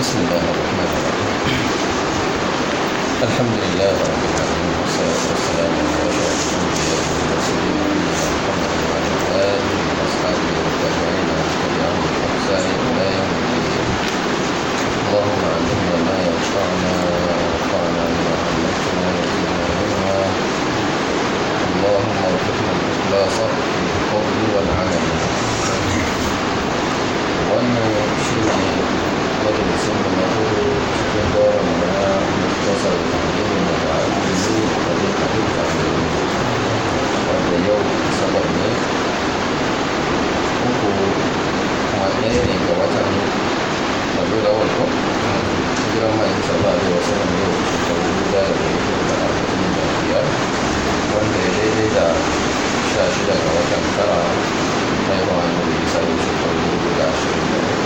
بسم الله الرحمن الرحيم الحمد لله رب العالمين والصلاة والسلام على أشرف الأنبياء والمرسلين نبينا محمد وعلى آله وأصحابه والتابعين ومن تبعهم بإحسان إلى يوم الدين اللهم علمنا ما ينفعنا وانفعنا بما علمتنا وزدنا علما اللهم ارزقنا الإخلاص في القول والعمل وانه شيء majalisun da na hudu cikin goron da na muktasar ilimin da ba a gizi da ne a duk kafin wanda yau sabon ne uku a ɗaya ne ga watan rabu da wanko mai saba da wasu nan yau da wuri da da da arba'in da biyar wanda ya daidai da sha shida ga watan tara haihuwa ne da isa da shekaru da ashirin da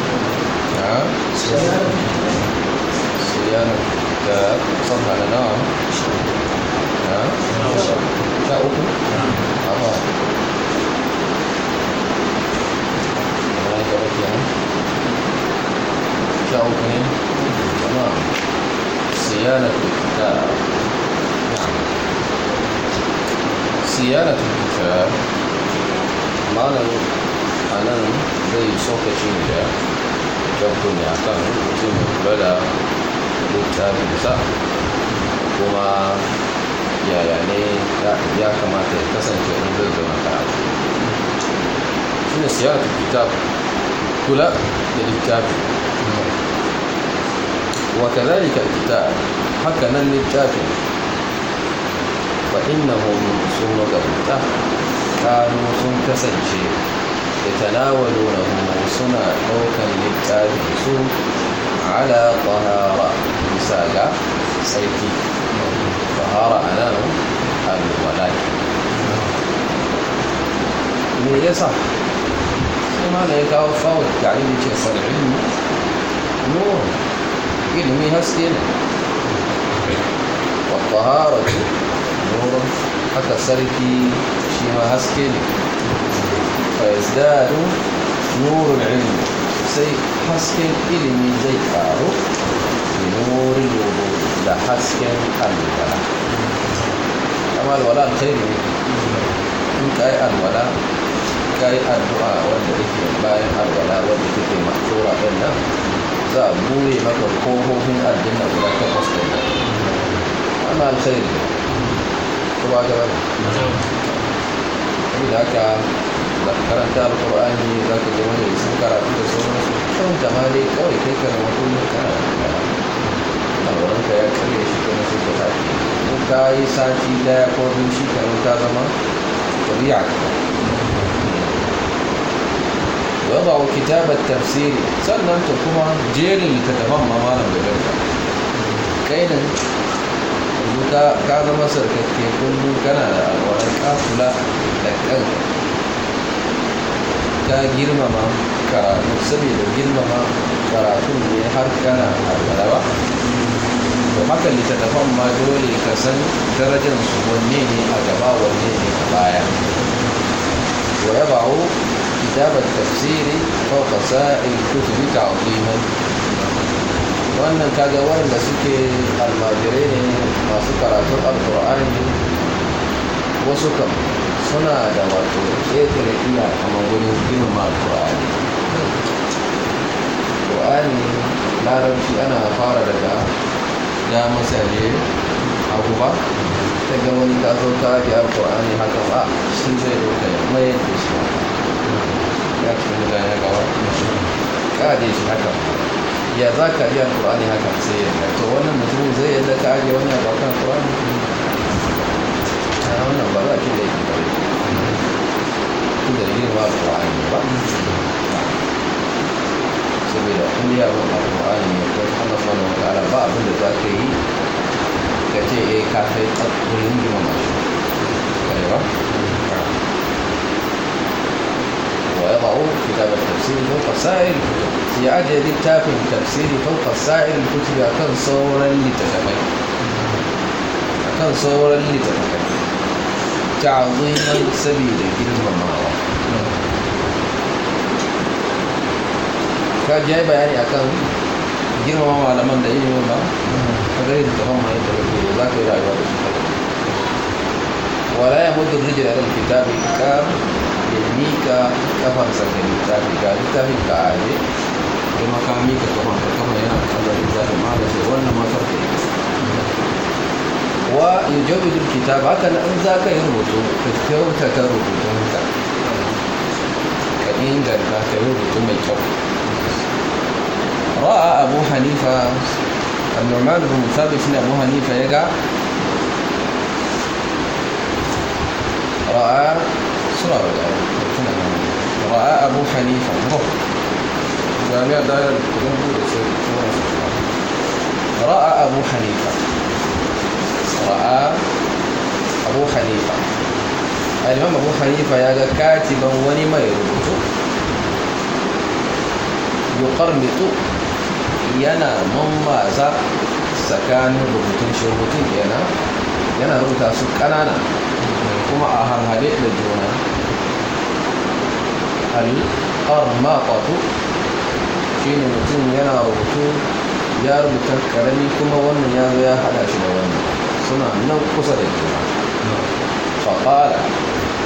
نعم صيانة الكتاب صفحة لنا نعم لا أكل نعم أضاء تمام صيانة الكتاب نعم صيانة الكتاب معنى أنا زي صوت جيدا shakku ne a kan mutum ya kula da littafinsa kuma yaya ne ya kamata ya kasance in zai zama karatu shi ne siyaratu kitab kula da littafi wa kazalika kitab haka nan littafin fa sun min fita. kanu sun kasance يتناولونه سنة دوكا للتاجسو على طهارة مثالا سيتي طهارة أنا الولاء من يصح ما لا يتوفى تعليم يتيسر العلم نور علمي هسكين والطهارة نور حتى سركي شيما هسكين فيزداد نور العلم سي حسك إلمي زي قارو بنور الوضوء لا حسك الولاء أما الولاء الخير إن كاي الولاء كاي الدعاء وانده إكي باين الولاء وانده إكي مقتورة إلا زابوري بوري مكو من الجنة ولا تقصد أما الخير تبا جبل إذا كان za ka karanta alkur'ani za ka zama da isin karatu da sauransu kawai da ma kawai kai ka zama kullum kana labaranka ya karya shi kuma sai ka tafi ko ta yi sati daya ko biyu shi kamar ta zama tabi'a wada wa kitabar tafsiri sannan ta kuma jerin littattafan ma malam da garka kai nan ka zama sarkakke kullum kana da alwaran kafula da kanka ta girmama karatu saboda girmama karatun ne har kana alwala ba haka littattafan ma dole ka san darajar su wanne ne a gaba wanne ne a baya wa yabahu kitab at-tafsir fawqa sa'il kutub ta'ziman wannan kaga wanda suke almajirai ne masu karatun alkur'ani wasu kan suna da wato ƙetare ina kama wurin girma ƙwari ƙwari larabci ana fara daga dama sale abu ba ta ga wani ta zo ta ji ƙwari haka ba shi zai ɗauka ya mayar da shi ya cikin da ya gawa ka aje shi haka ya za ka ji ƙwari haka sai ya to wannan mutumin zai yadda ta ajiye wannan ba kan a wannan ba ba cin laifi ba tun da girma da ƙwa'ani ba saboda kun yi abin a ƙwa'ani ne ko Allah subhanahu wa ta'ala ba abin da za ka yi ka ce eh ka kai tsakurin girma kare ya ويضع كتاب التفسير ko سائر الكتب في عدد التافه التفسير فوق سائر الكتب أكن sauran لتتفكر أكن صورا لتتفكر chào bài này 教都應該以色列嚟見佢嘛。Kajian bayani akan girmama malaman da ilimin ba, ka gani da tafan mai da rufe za ka yi rayuwa da shi. Wala ya mutu rijin a littafi ka ya mika kafansa ga littafi ga littafi ka aje, kuma ka mika kafansa kama yana kallon zafin ma da shi wannan matar da ويجود الكتاب حتى إن ذاك يربط الكوتا كربط هكذا كإن ذاك يربط ميتون رأى أبو حنيفة النعمان بن ثابت أبو حنيفة يقع رأى سرعة رأى أبو حنيفة رأى أبو حنيفة ra'a abu hanifa al'imam abu hanifa ya ga katiban wani mai rubutu yuqarnitu yana mammaza tsakanin rubutun shi yana rubuta su kanana kuma a harhade da juna al shi ne mutum yana rubutu ya rubuta ƙarami kuma wannan ya zo ya haɗa shi da wannan suna nan kusa da juna faƙala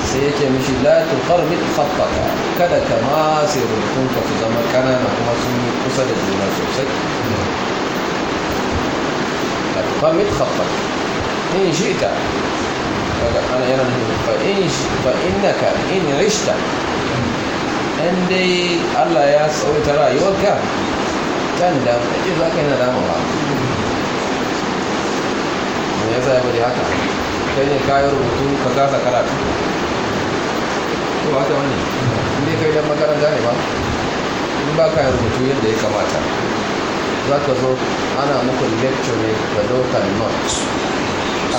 sai ya ce mishi latu karbit khattaka kada ka masu rubutunka su zama ƙanana kuma sun yi kusa da juna sosai karbit khattaka in shi ta daga ana yana nufin fa'inaka in rishta ɗan dai allah ya tsawita rayuwarka can da ƙi za ka yi na damuwa ya sa ya bari haka kai ne kayan rubutu ka gasa karatu ba ta wani inda kai dan makaranta ne ba in ba kayan rubutu yadda ya kamata za ka zo ana muku lecture ne da local notes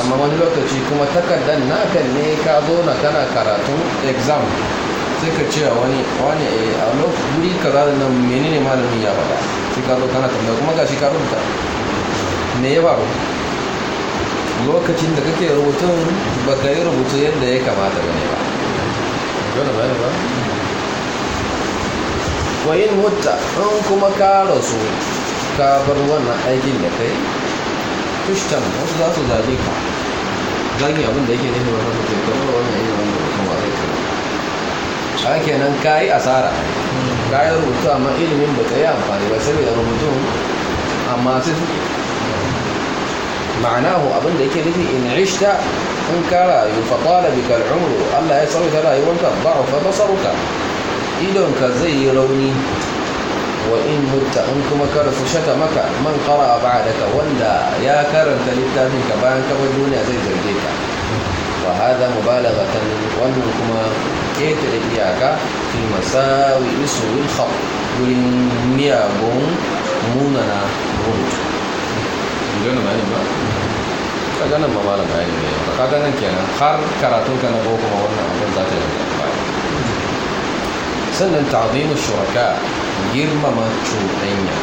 amma wani lokaci kuma takardar naka ne ka zo na kana karatu exam sai ka ce wani wani eh, a wuri kaza da nan menene malamin ya faɗa sai ka zo kana tambaya kuma ga shi ka rubuta me ya faru lokacin da kake rubutun ba ka yi rubutu yadda ya kamata ba ne ba wayin mutta in kuma ka rasu ka bar wannan aikin da kai kushtan wasu za su zage ka zage abin da yake nufi wata mutum ka bar wannan aikin wanda mutum ba zai kai ba kenan ka yi asara ka yi rubutu amma ilimin ba ka yi amfani ba da rubutun amma sai ma'anahu abin da yake nufi in ishta in ka rayu faƙwala bi kal'umru allah ya tsawaita rayuwarka ba a fa basaruka idonka zai yi rauni wa in mutta in kuma ka rasu shata maka man kara a ba'adaka wanda ya karanta littafin ka bayan kafa duniya zai zarge ka wa hada mubalagatan wannan kuma keta da iyaka fi masawi isu wil khab miyagun munana rubutu ji wani ba ka ganin ba malam bayani ne ba ka ganin kenan har karatun ka na ko kuma wannan abin za ta yi sannan ta'zimu shuraka girmama cuɗanya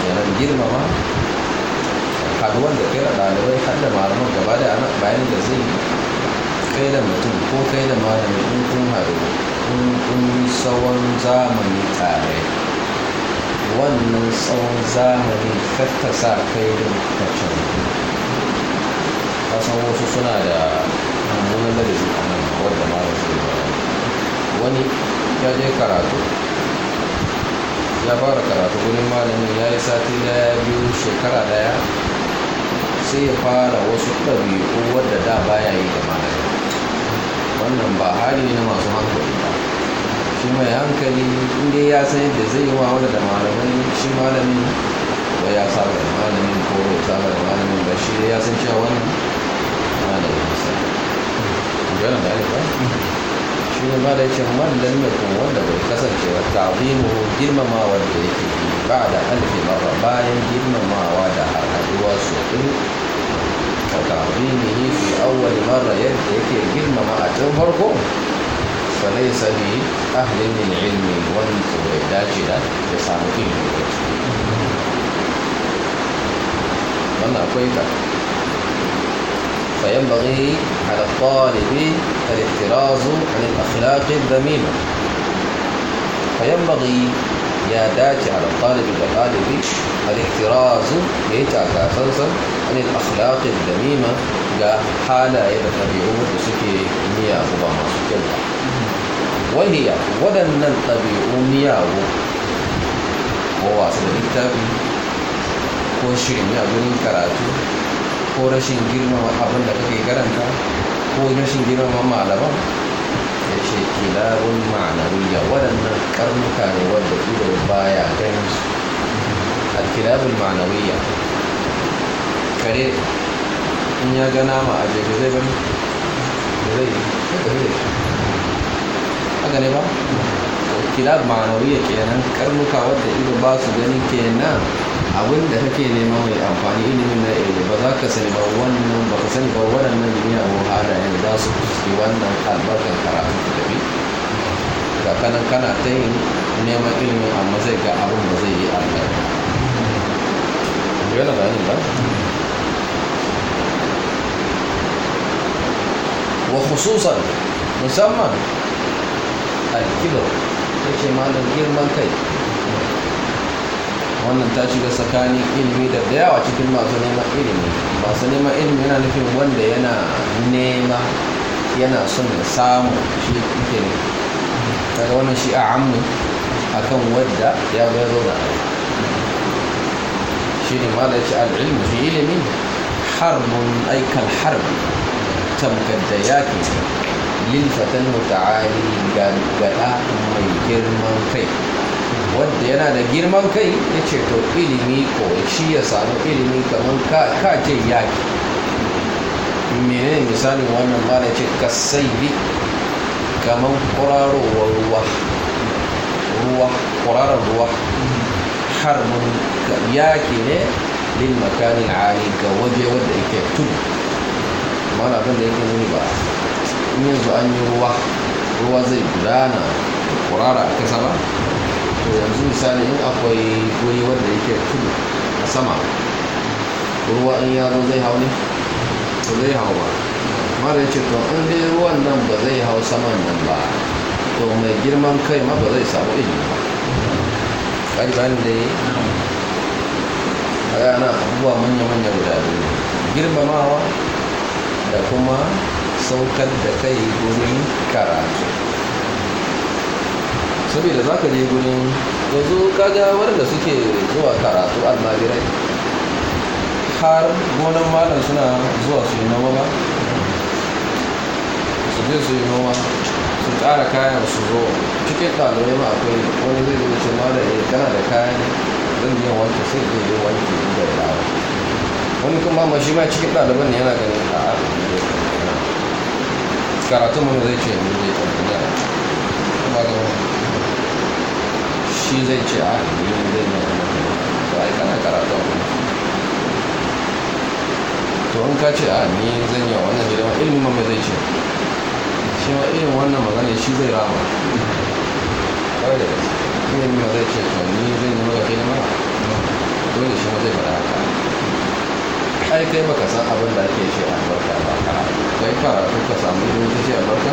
kenan girmama haduwan da kai da ɗalibai har da malaman gaba da ana bayanin da zai kai da mutum ko kai da malamin in kun haɗu kun kun tsawon zamani tare wannan tsawon zamani tattasa kai da mutaccen kasan wasu suna da mummunan ladabi a nan wadda ma da zai wani ya je karatu ya fara karatu gudun malamin ya yi sati daya biyu shekara daya sai ya fara wasu ɗabi'u wadda da baya yi da malamin wannan ba hali na masu hankali shi mai hankali inda ya san yadda zai yi wani da malamai shi malamin ba ya saba da malamin ko bai saba da malamin ba shi ya san cewa wani yi nisa gana da alifa shi ne ma da yake man mai kuma wanda bai kasance wa ta'zimu girmamawa da yake ba da alfi ba bayan girmamawa da haɗuwa su ɗin wa yi fi awwal mara yadda yake girmama a can farko فليس أهل من علم ومن dace da ya samu ilimi فينبغي على الطالب الاحتراز عن الأخلاق الذميمة فينبغي يا داتي على الطالب الغالب الاحتراز يتاكا سنسا عن الأخلاق الذميمة حالا حالا يتبعون سكي مياه وما سكي wahiya waɗannan ɗabi'u miyawu ko wasu da littafi ko shirin ya gurin karatu ko rashin girmama abin da kake karanta ko rashin girmama malaman ya ce kilabun ma'anariya waɗannan karnuka ne wadda ido baya ganin su alkilabun ma'anariya kare in ya gana ma a jirgin zai gani da zai yi haka ne ba kilab ma'anawiya kenan karnuka wadda ido ba su gani kenan abin da kake nema mai amfani ilimin na ilimi ba za ka sani ba wannan ba ka sani ba waɗannan miyagun halayen za su fuske wannan albarkar karatu da tafi ga kanan kana ta yin neman ilimin amma zai ga abin ba zai yi albarka yana da ba wa khususan musamman kilo ta ce girman kai wannan ta shiga tsakanin ilimi da dayawa cikin masu neman ilimi masu neman ilimi yana nufin wanda yana nema yana son ya samu shi ke ne daga wannan shi a ammi akan wadda ya zo da shi ne ma da ce al'ilmi fi ilimi harbin aikan harbi tamkar da yaki lil ta muta'ali ga gada mai girman kai wanda yana da girman kai ya ce to ilimi ko shi ya samu ilimi kamar ka yaki mene misalin wannan ma ce kasaibi kamar kurarowar ruwa ruwa kurarar ruwa harbin yaki ne lil makanin ali ga waje wanda yake tudu mana abin da yake nuni ba in yanzu an yi ruwa ruwa zai gudana kurara a kasa ba to yanzu misali in akwai guri wanda yake tudu a sama ruwa in ya zo zai hau ne to zai hau ba mara ce to in dai ruwan nan ba zai hau saman nan ba to mai girman kai ma ba zai samu ilimi ba ƙari bayan da ya yi abubuwa manya-manya guda biyu girmamawa da kuma saukar da kai gurin karatu saboda za ka je gurin yanzu kaga wadanda suke zuwa karatu almabirai har gonan malam suna zuwa su yi noma ba su je su yi noma su ƙara kayan su zo cikin ɗalibai ma akwai wani zai zai ce da ya eh, kana da kayan zan yi wanke sai ke yi wanke da ya dawo wani kuma ma shi ma cikin ɗaliban ne yana ganin a'a Karatu mu zai ce ni zai tambaya kuma ga shi zai ce a ah, ni zai ne to ai kana karatu to in ka ce a ah, ni zan yi wannan hidima ilimin mai zai ce shi ma irin wannan magana shi zai rama kawai da ilimin zai ce to ni zai yi maka hidima dole shi ma zai fara haka ai kai baka san abin da ake ce albarka ba kai karatu ka samu ilimi ta ce albarka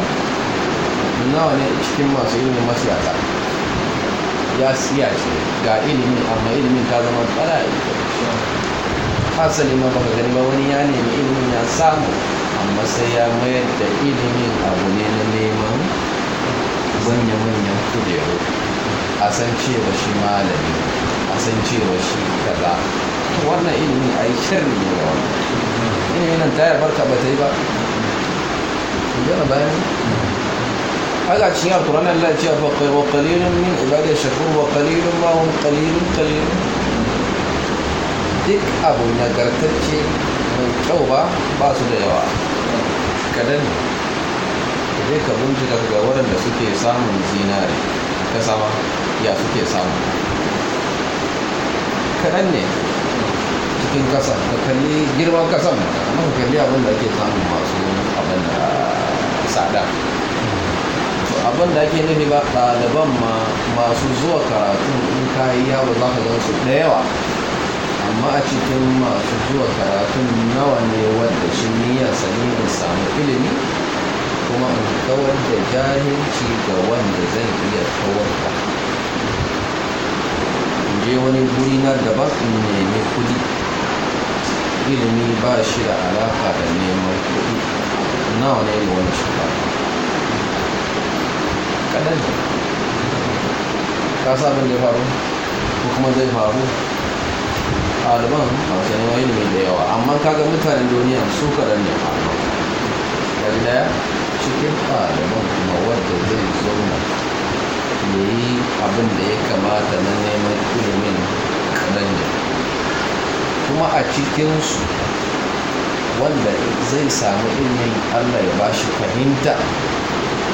nawa ne cikin masu ilimin masiyata ya siya ce ga ilimin amma ilimin ta zama bala'i hasali ma baka gani ba wani ya nemi ilimin ya samu amma sai ya mayar da ilimin abu ne na neman manya-manyan kudero a san cewa shi malami a san cewa shi kaza wannan ilimin a yi shirin ne wani ilimin nan ta barka ba ta yi ba gana bayan haka cikin alkur'an Allah ce fa wa kalilin min ibadi shakur wa kalilin ma hum kalilin kalilin duk abu nagartacce mai kyau ba ba su da yawa kadan ne ka bincika daga waɗanda suke samun zinare ka sama ya suke samu kadan ne cikin ƙasa da kalli girman ƙasan kuma ka kalli abin da ake samun masu abin da tsada abin da ake nufi ba ɗaliban ma masu zuwa karatu in ka yi yawo za ka gan su da yawa amma a cikin masu zuwa karatu nawa ne wanda shi niyyar sani in samu ilimi kuma in kawar da jahilci ga wanda zai iya kawar da je wani guri na daban in nemi kudi. ilimi ba shi da alaka da neman kuɗi nawa ne da wani shi ba kadan ne ka sabon da ya faru ko kuma zai faru ɗaliban masu neman ilimi da yawa amma kaga mutanen duniya su kadan ne faru ɗaya cikin ɗaliban kuma wadda zai zauna ya yi abin da ya kamata na neman ilimin kadan ne kuma a cikinsu wanda zai samu ilmin allah ya ba shi fahimta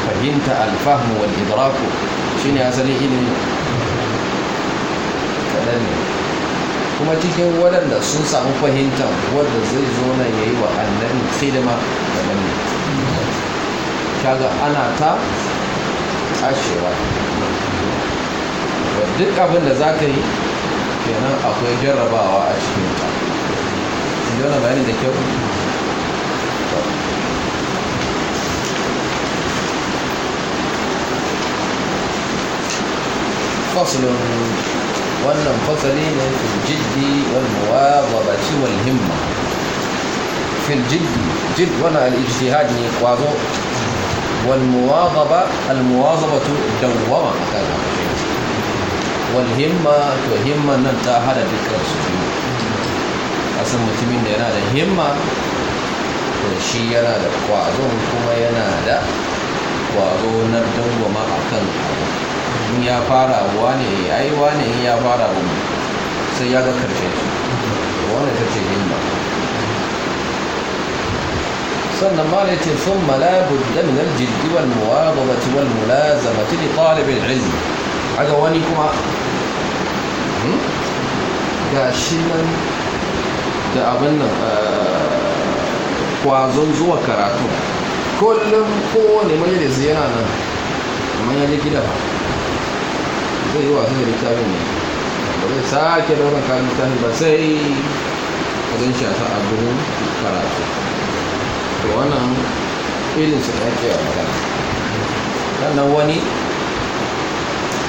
fahimta alfahmu wal idraku shine asalin ilimi kaɗan ne kuma cikin waɗanda sun samu fahimta wanda zai zo na ya yi wa annabi hidima kaɗan ne kaga ana ta ashewa duk abin da za ka yi kenan akwai jarrabawa a cikin ta yana bayani da kyau فصل wannan fasali ne fil jiddi wal muwazabati wal himma fil jiddi jid wana al ijtihad ne kwazo wal muwadaba al muwazabatu dawwama kaga wal himma to himman nan ta hada dukkan su biyu asan mutumin da yana da himma to shi yana da kwazo kuma yana da kwazo na dangwama a kan in ya fara wane ya yi wane in ya fara wani sai ya ga karshe wane ta ce himma sannan ma ne ce sun malabu da minar jirgi wal muwazamati wal mulazamati da ɗalibin ilmi aga wani kuma ga shi nan da abin nan eh, kwazon zuwa karatu kullum kowane majalisi yana nan amma ya je gida zai yi wasan da littafin ne ba zai sake wani kayan littafin ba sai a zan shi a sa abin karatu da wannan irin su ɗake a magana wani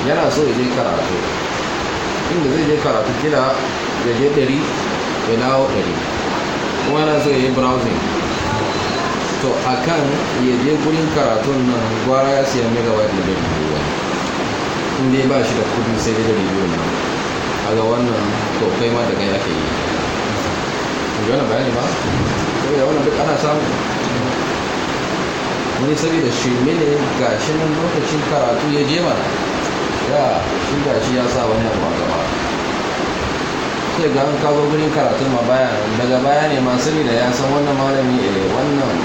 yana so ya je karatu inda zai je karatu kila ya je ɗari ya dawo ɗari kuma yana so ya yi browsing to a kan ya je gurin karatun nan gwara ya siya wide da ɗari biyu inda ya ba shi da kudi sai da ɗari biyu nan a ga wannan to kai ma daga yake yi ji wani bayani ba da wani duk ana samu wani sabida shi ne ga shi nan lokacin karatu ya je mana sun ga shi ya sa wannan ba gaba sai ga an kawo gurin karatun ma baya daga baya ne ma ne da ya san wannan malami eh wannan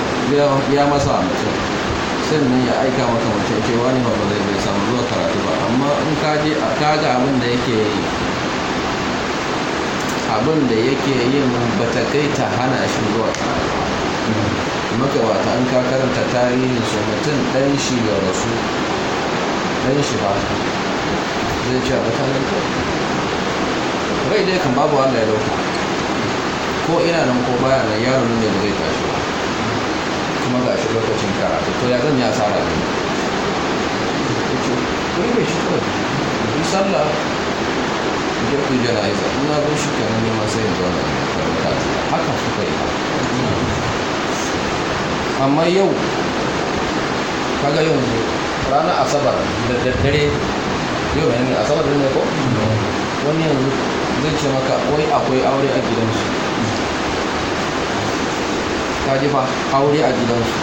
ya masa mutum sannan ya aika maka mutum cewa ne ba zai bai samu zuwa karatu ba amma in ka je ka ga abin da yake yi abin da yake yin bata kai ta hana shi zuwa karatu ta an ka karanta tarihin su mutum ɗan shi ya rasu ɗan shi ba zai ce a mutanen kawai rai dai kan babu wanda ya dauka ko ina nan ko baya nan yaro ne da zai tashi ba kuma ga shi lokacin karatu to ya zan yi tsara ne ko bai shi kawai in sallah jirgin jana'iza ina zan shi kenan neman sai in zauna haka suka yi amma yau kaga yanzu ranar asabar da daddare yau ne asabar ne ko wani yanzu zai ce maka wai akwai aure a gidansu Ta ji fa aure a gidansu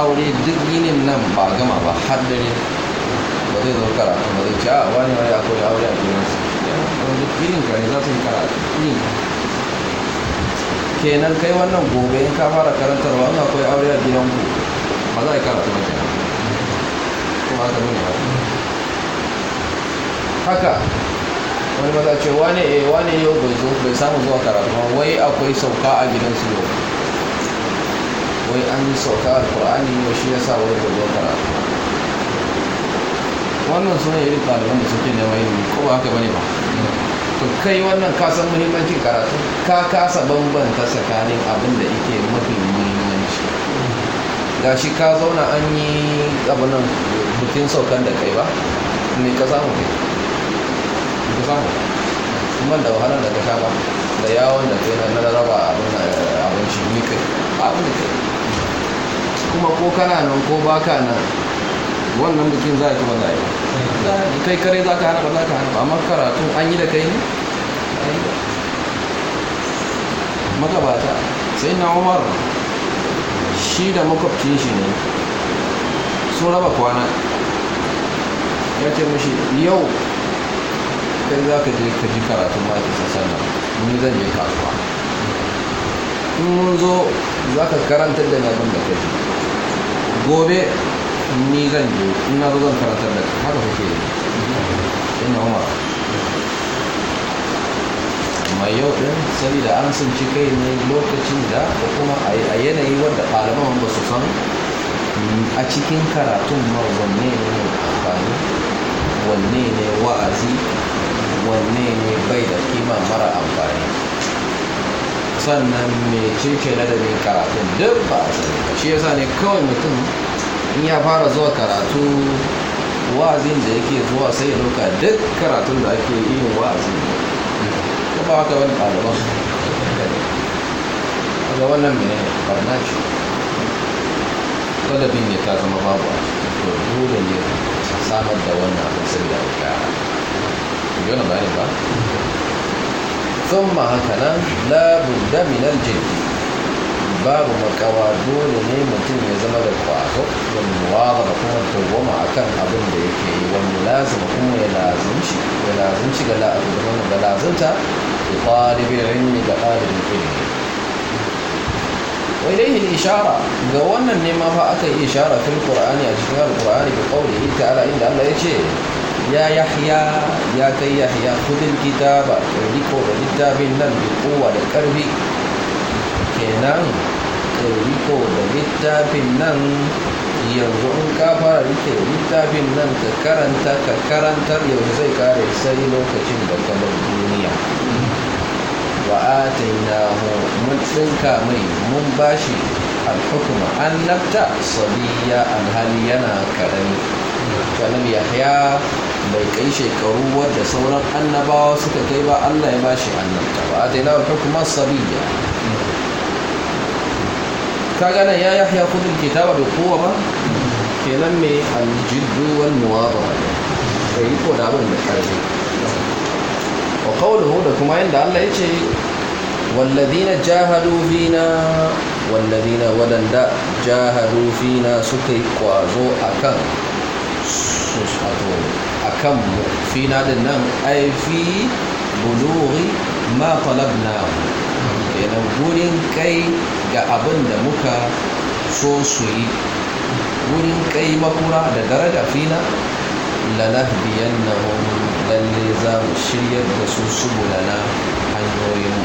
aure duk ginin nan ba gama ba har dare ba zai zo karatu ba zai ce a ah, wani wani akwai aure a gidansu wani ginin ka ne za su yi karatu ne kenan kai wannan gobe in ka fara karantarwa in akwai aure a gidanku ba za a yi karatu ba ba kuma haka nuna ba haka wani maza ce wane eh, wane yau bai zo bai samu zuwa karatu wai akwai sauka a gidansu yau wai an yi sauka a ƙwa'ani yau shi ya sa wai bai zo karatu wannan suna irin ɗaliban da suke neman yi ko ba haka bane ba to kai wannan kasan muhimmancin karatu ka kasa bambanta tsakanin abin da yake mafi muhimmanci gashi ka zauna an yi abinan mutum saukan da kai ba me ka samu kai ita samu kuma da wahalar da ka ba da yawon da kai na raba abinci eh, ni kai abin da kai kuma ko kana nan ko baka nan wannan bikin za a kuma za a yi kai kare za ka hana ba za ka hana ba amma karatu an yi da kai ne magabata sai na umar shi da makwabcin shi ne sun raba kwana ya ce mashi yau kai za ka je ka ji karatun ma'aikin sallah ni zan je kasuwa in mun zo za ka karanta da abin da kai gobe ni zan je in na zo zan karanta da kai haka kake yi ina umar amma yau din da an sun ci kai ne lokacin da ko kuma a yanayi wanda ɗaliban ba su san a cikin karatun ma wanne ne amfani wanne ne wa'azi wanne ne bai da kima mara amfani sannan mai cike ladabin karatun duk ba a sani ba shi yasa ne kawai mutum in ya fara zuwa karatu wazin da yake zuwa sai ya dauka duk karatun da ake yin wazin ko ba haka wani ɗaliban ga wannan mai barna ce ladabin ne ta zama babu a cikin dole ne samar da wannan abin sai da gyara ji wani bayanin ba thumma haka nan labun daminal jirgi babu makawa dole ne mutum ya zama da kwazo don muwazara kuma a kan abin da yake yi wani lazima kuma ya lazimci ya lazimci ga la'azin da lazimta da ɗalibin ilmi ga ɗalibin ilmi wai dai yin ishara ga wannan nema ma fa aka yi ishara fil qur'ani a cikin alqur'ani bi ta ala inda Allah ya ce ya yahya ya kai yahya kudin kitaba da riko da littafin nan da kowa da ƙarfi kenan da riko da littafin nan yanzu in ka fara rike littafin nan ka karanta ka karantar yanzu zai kare sai lokacin da ka bar duniya wa na mun tsinka mai mun bashi alhukuma annabta sabiya alhali yana karami kalam yahya bai kai shekaru wadda sauran annabawa suka kai ba allah ya bashi annabta ba a daina wata kuma sabiya ka gana ya yahya kudin kitaba bai kowa ba kenan mai aljiddu wal muwaba bai yi koda abin da karfi wa kawo da kuma yadda allah ya ce Walladina جاهدوا فينا والذين ودند جاهدوا فينا سكي قوازو أكن سوشاتو kan fina din nan aifi buluri na ma talabna kenan gurin kai ga abin da muka so su yi gurin kai makura da daraja fina lanahdiyannahum lalle za mu shiryar da su subulana hanyoyin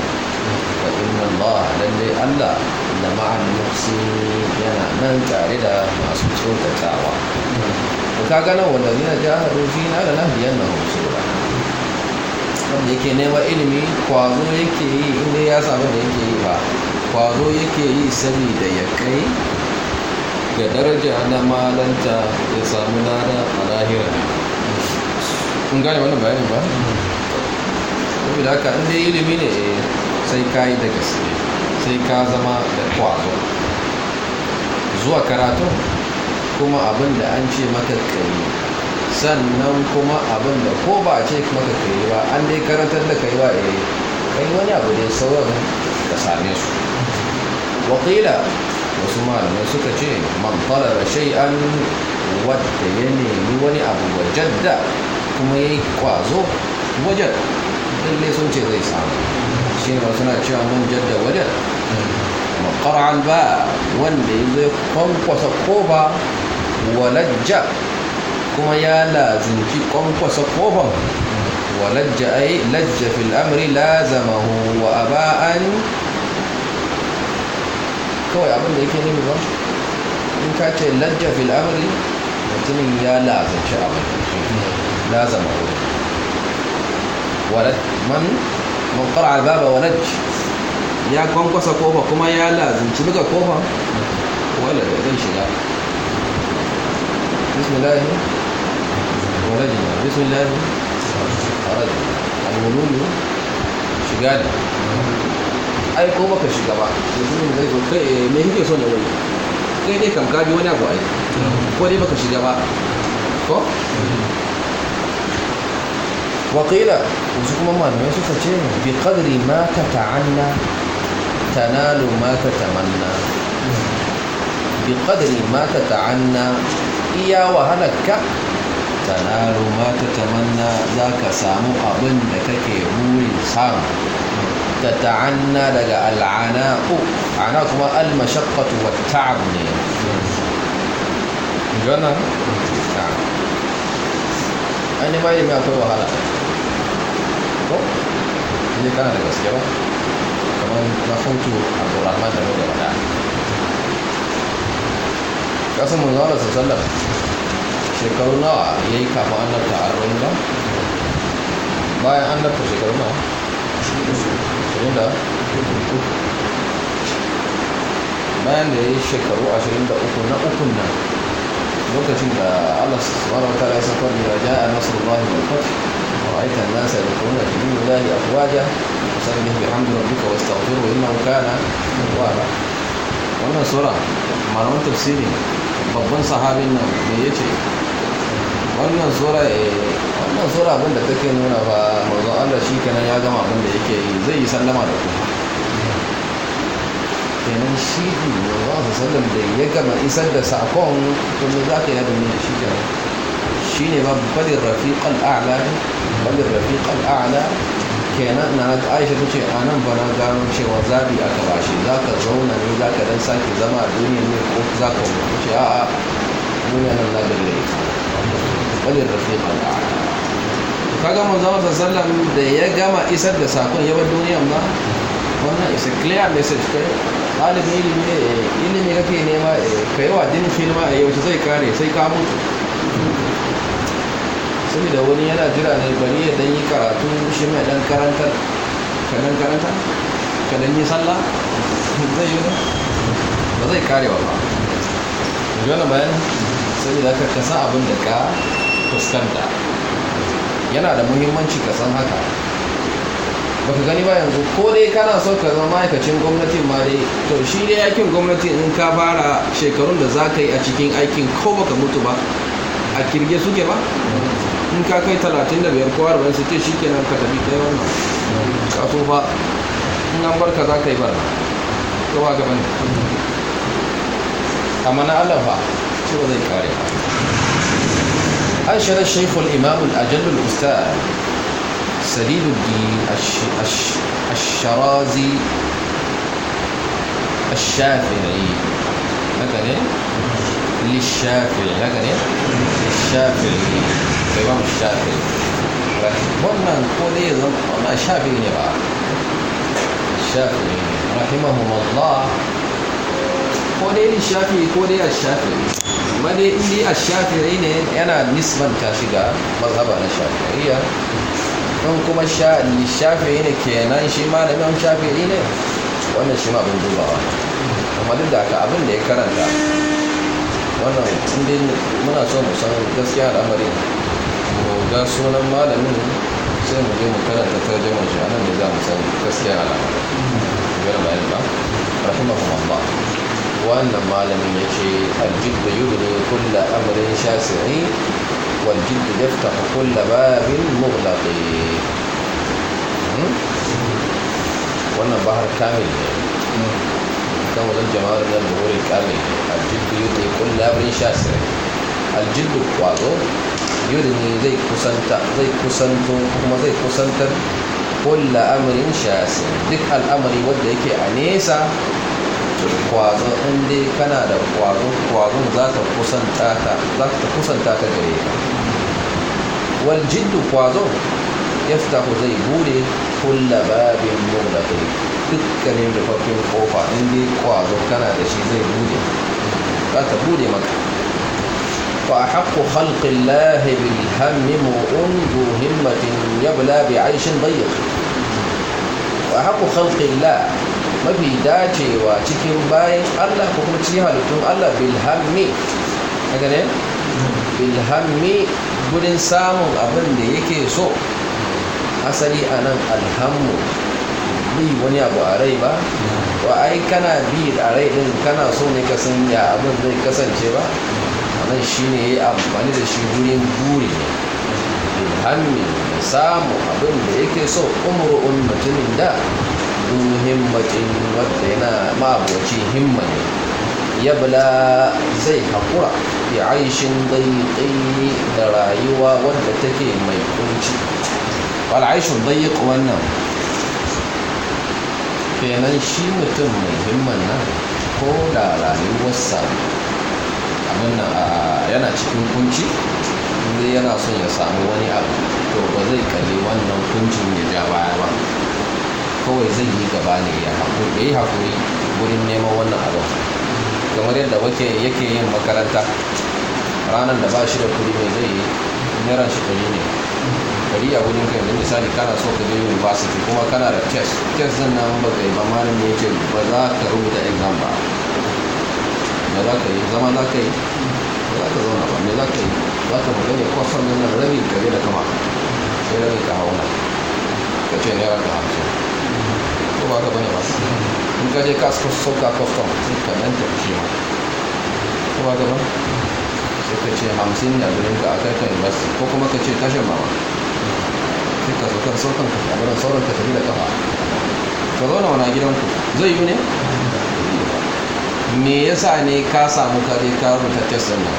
wa inna Allah lalle Allah da ma'al yana nan tare da masu kyautatawa ka gana wanda zina ja a rufi na da biyan na hausu ba wanda yake nema ilimi kwazo yake yi inda ya samu da yake yi ba kwazo yake yi da ya kai ga daraja na malanta ya samu nada a lahira kun gane wannan bayanin ba da haka inda ilimi ne eh, sai ka yi da gaske sai ka zama da kwazo zuwa karatun kuma abin da an ce maka sannan kuma abin da ko ba ce maka ba an dai karantar da kai ba eh kai wani abu dai sauran ka same su wakila wasu malamai suka ce man talara shay'an wadda ya nemi wani abu wajen da kuma ya yi kwazo wajen ne sun ce zai samu shi ne suna cewa man jadda wajen makar'an ba wanda ya zai kwankwasa ko ba walajja kuma ya lazunci kwankwasa kofan walajja ai lajja fil amri lazamahu wa aba'an kawai abin da yake nemi ba in ka ce lajja fil amri mutumin ya lazunci abin lazamahu walad man man qara baba walaj ya kwankwasa kofa kuma ya lazunci buga kofan wala da zai shiga بسم الله ورجنا بسم الله ورجنا الولول shiga eh, ka bi wani abu ai ko dai baka shiga ba ko wakila wasu kuma malamai suka ce ma ta ta'anna tanalu ma ta tamanna bi ma ta ta'anna iya wahalarka tanaru ma ta tamanna za ka samu abin da kake burin samu ta ta'anna daga al'ana'u ana kuma al-mashaqqatu wa ta'ab ne gana an yi mai akwai wahala ko ne kana da gaske ba kamar na hutu abdurrahman da muka faɗa kasan manzo Allah sallallahu shekaru nawa yayi kafin annabta arba'in ba bayan annabta shekaru nawa ashirin da bayan da yayi shekaru ashirin da uku na ukun nan lokacin da Allah subhanahu wataala ya saukar da ja'a nasrullahi wal fath wa ra'aita an-nasa yadkhuluna fi dinillahi afwaja fasabbih bihamdi rabbika wastaghfirhu innahu kana tawwaba wannan sura malaman tafsiri babban sahabin nan da ya ce wannan sura eh, wannan sura abinda take nuna ba mazan allah shi kenan ya gama abinda yake yi zai yi sallama da kuma kenan shi ne mazan sallam da ya gama isar da sakon kuma za ka yi abin da shi kenan shi ne ba balin rafiƙal a'la balin rafiƙal a'la kenan na aisha ta ce a nan bana gano cewa zabi aka bashi za ka zauna ne za ka dan sake zama a duniya ne ko za ka wuce ce a a duniya nan na ta wadda rafi ka gama zama ta sallan da ya gama isar da sakon ya bar duniya ma wannan is a clear message kai ɗalibin ilimi ne eh, ilimi kake nema eh, ka yi wa din filma a eh, yau zai kare sai ka mutu sabida wani yana jira ne bari ya dan yi karatu shi mai dan karantar kadan karanta kadan yi sallah zai yi ba zai karewa ba da wani bayan sabida ka kasa abin da ka fuskanta yana da muhimmanci ka san haka baka gani ba yanzu ko dai kana so ka zama ma'aikacin gwamnatin ma dai to shi dai aikin gwamnati in ka fara shekarun da za ka yi a cikin aikin ko baka mutu ba a kirge suke ba in ka kai talatin da biyar ko arba'in su ce shi kenan ka tafi kai wannan ka so ba in an barka za ka yi barna ko ba gaban amma na Allah ba shi ba zai kare ba أشر الشيخ الإمام الأجل الأستاذ سليل الدين الشرازي الشافعي هكذا للشافعي هكذا shafi imam shafi wannan ko dai ya zama wannan shafi ne ba shafi ne Allah ko dai shafi ko dai shafi amma dai indi shafi ne yana nisbanta shi ga mazhaba na shafi'iyya don kuma shafi ne kenan shi ma da malamin shafi ne wannan shi ma bin dubawa kuma duk da ka abin da ya karanta wannan sun dai muna so mu san gaskiya al'amarin mu ga sunan malamin sai mu je mu karanta tarjumar shi anan ne za mu san gaskiya al'amarin biyar bayan ba rahimahumullah wannan malamin ya ce aljid da kulla amrin shasi'i wal jid yaftahu kulla babin mughlaqi hmm? wannan bahar kamil ne kan wajen jama'ar da buhuri kamil ne aljiddu ne kun labrin sha sirai aljiddu kwazo ne zai kusanta zai kusanto kuma zai kusantar kulla amrin sha duk al'amari wanda yake a nesa kwazo inda kana da kwazo kwazon za ta kusanta ta za ta kusanta ta gare ka wal jiddu kwazo yaftahu zai bude kulla babin kai dukkanin rufaffin kofa inda kwazo kana da shi zai bude za ta bude maka fa haqqu khalqillahi bil hammi mu'un du himmatin yabla bi 'aishin dayyiq wa haqqu ma mafi dacewa cikin bayan Allah ko kuma cikin halittun Allah bil hammi kaga ne bil hammi gudun samun abin da yake so asali anan alhammu bi wani abu a rai ba to ai kana bi a rai din kana so ne ka san ya abin zai kasance ba wannan shine ya amfani da shi gurin buri hammi samu abin da yake so umru'un mutumin da du himmatin wadda yana ma'abocin himma ne yabla zai haƙura ya aishin daidai da rayuwa wadda take mai kunci wal aishin daidai wannan kenan shi mutum mai himman nan ko da rayuwarsa abin nan yana cikin kunci inda yana son ya samu wani abu to ba zai kalli wannan kuncin ya ja baya ba kawai zai yi gaba ne ya yi haƙuri wurin neman wannan abu. kamar yadda wake yake yin makaranta ranar da ba shi da kuɗi mai zai yi naira shi kuɗi ne kari a wurin kai da misali kana so ka je university kuma kana da test test zan nan ba ka yi ba malam ne ce ba za ka rubuta exam ba me za ka yi zama za ka yi ba za ka zauna ba me za ka yi za ka mu gane kwasan nan ka kare da kama sai rabi ka hauna ka ce naira ka hamsin ko ba ka bane ba in ka je ka sauka kwastam sai ka yanta ta shi ma ko ba ka ba sai ka ce hamsin na gurin ka akai kan masu ko kuma ka ce tashin mama sai ka saukar saukan ka a gurin sauran ka tafi da kafa ka zauna wana gidanku zai yi ne me ya sa ne ka samu ka je ka rubuta test din nan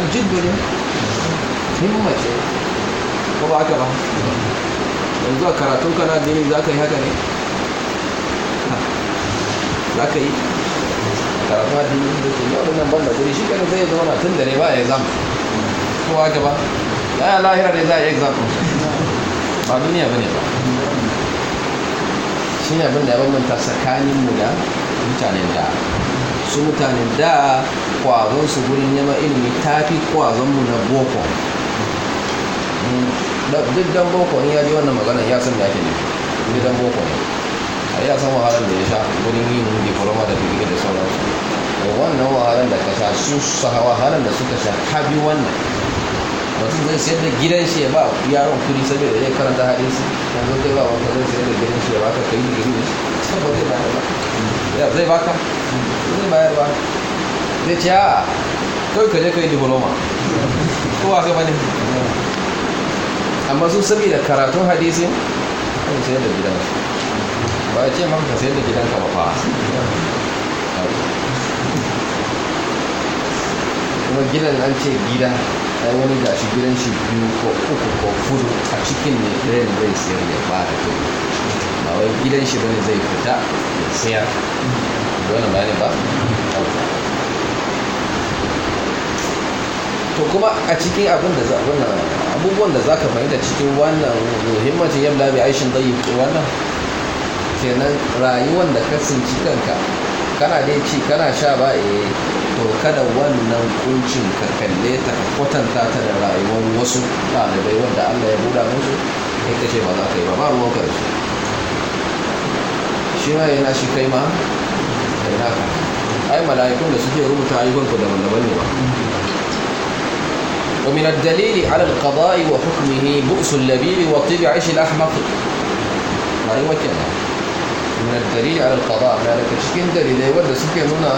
aljiddu ne himma ce ko ba aka ba yanzu a karatun kana dini za ka yi haka ne za ka yi amma da yi da ke yau nan ban da guri shi kenan sai zama zauna tun da ne ba exam ko haka ba ya yi lahira ne za a yi exam ba duniya ba ne ba shi ne abin da ya bambanta mu da mutanen da su mutane da kwazon su gurin neman ilimi ta fi kwazon mu na boko duk dan boko in ya ji wannan magana ya san da ake ne duk dan boko ne a yi ya san wahalar da ya sha wurin yin diploma da digiri da sauransu wannan wahalar da ka sha su wahalar da suka sha ka bi wannan mutum zai sayar da gidan shi ya ba yaron kudi saboda zai karanta hadisi kan zai ba wanda zai sayar da gidan shi ya baka kai gari ne saboda zai baka. ya zai baka zai bayar ba zai ce a kawai ka je ka yi diploma ko ba ka bane amma su saboda karatun hadisin kan sayar da gidan shi ba a ce ma ka sayar da gidan ka ba fa kuma gidan an ce gida ya wani gashi gidan shi biyu ko uku ko furu a cikin ne ɗayan zai sayar ya fara to ba wai gidan shi bane zai fita ya siyar wannan ba ne ba to kuma a cikin abin da za wannan abubuwan da zaka cikin wannan muhimmancin yamma labi aishin dayyib wannan kenan rayuwar da ka tsinci kanka kana dai ci kana sha ba eh to kada wannan kuncin ka kalle ta ka kwatanta ta da rayuwar wasu ɗalibai wanda Allah ya buɗa musu kai ka ce ba za ka yi ba ba ruwan karshe shi ma yana shi kai ma kai ka ai mala'ikun da suke rubuta ayyukan ku daban-daban ne ba ومن الدليل على القضاء وحكمه بؤس اللبيب وطيب عيش الأحمق ما يوكل من الدليل على القضاء ذلك شكين دليل ورد سكينونا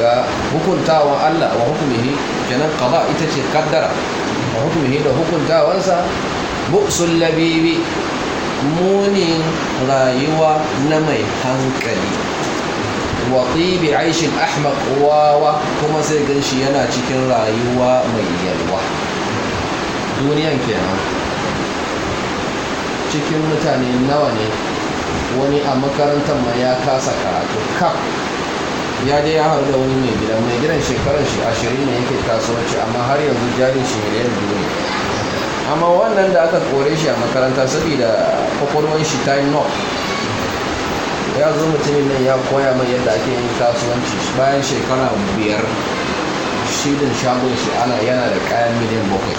ga hukuntawan Allah wa hukumihi kenan qada ita ce kaddara wa hukumihi da hukuntawansa bu'sul labibi munin rayuwa na mai hankali wa tibi aishin ahmaq wawa kuma sai ganshi yana cikin rayuwa mai yalwa duniyan kenan cikin mutane nawa ne wani a makarantar ma ya kasa karatu kaf ya je ya haru da wani mai gida mai gidan shekarar shi ashirin ne yake kasuwanci amma har yanzu jarin shi miliyan biyu ne amma wannan da aka kore shi a makaranta saboda kwakwalwar shi ta yi nok ya zo mutumin nan ya koya mai yadda ake yin kasuwanci bayan shekara biyar shidin shagon shi ana yana da kayan miliyan bakwai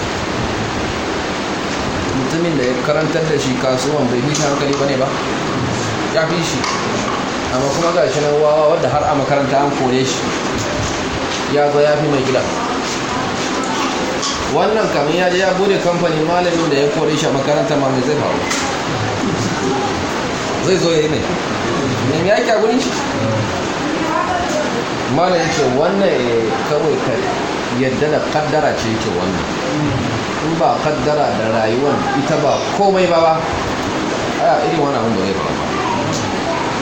mutumin da ya karantar da shi kasuwan bai shi hankali ba ne ba ya fi shi amma kuma ga shi nan wawa wadda har a makaranta an kore shi ya zo ya fi mai gida wannan kamar ya je ya bude kamfani malamin da ya kore shi a makaranta ma mai zai faru zai zo ya yi mai mai ya kya gudun shi malamin ce wannan eh, kawai ka yadda da kaddara ce yake wannan in ba kaddara da rayuwan ita ba komai ba ba a irin wani abin da zai faru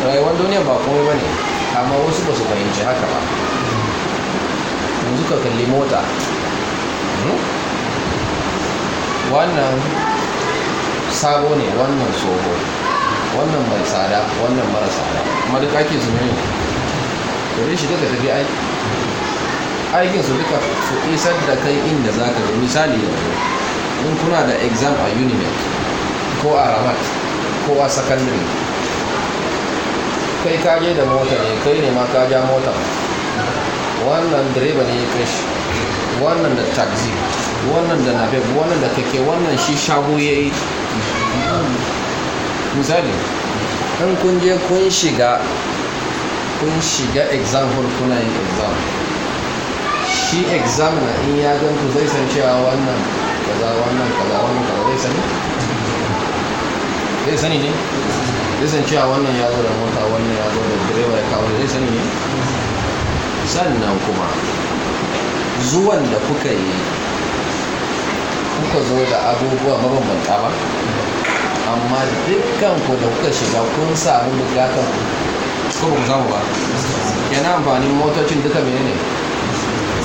rayuwar duniya ba komai ba ne amma wasu ba su fahimci haka ba yanzu ka kalli mota hmm? wannan sabo ne wannan tsoho wannan mai tsada wannan mara tsada kuma duk ake zume ne kudin shi duka tafi aiki aikin su duka su isar da kai inda za ka misali yanzu in kuna da exam a unimet ko a ramat ko a secondary kai ka je da mota ne kai ne ma kaja mota wannan direba ne ya kai shi wannan da taxi wannan da nabeb wannan da kake wannan shi shago ya yi misali in kun je kun shiga kun shiga exam kuna yin exam shi exam na in ya ganku zai san cewa wannan kaza wannan kaza wannan kaza zai sani zai sani ne zai san cewa wannan ya zo da mota wannan ya zo da direba ya kawo zai sani ne sannan kuma zuwan da kuka yi kuka zo da abubuwa mabambanta ba amma dukkan ku da kuka shiga kun samu bukatan ku ko ba samu ba yana amfanin motocin duka menene